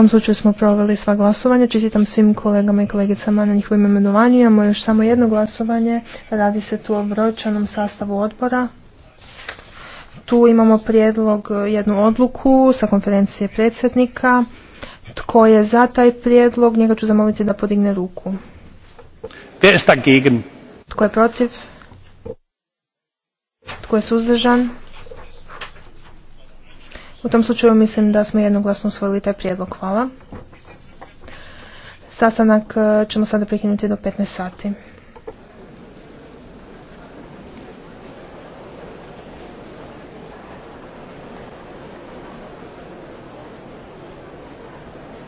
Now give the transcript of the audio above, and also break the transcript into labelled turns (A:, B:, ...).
A: tom slučaju smo proveli sva glasovanja. Čestitam svim kolegama i kolegicama na njihovim imenovanju. Imamo još samo jedno glasovanje. Radi se tu o brojčanom sastavu odbora. Tu imamo prijedlog, e, jednu odluku sa konferencije predsjednika. Tko je za taj prijedlog? Njega ću zamoliti da podigne ruku. Tko je protiv? Tko je suzdržan? U tom slučaju mislim da smo jednoglasno usvojili taj prijedlog. Hvala. Sastanak e, ćemo sada prekinuti do 15 sati.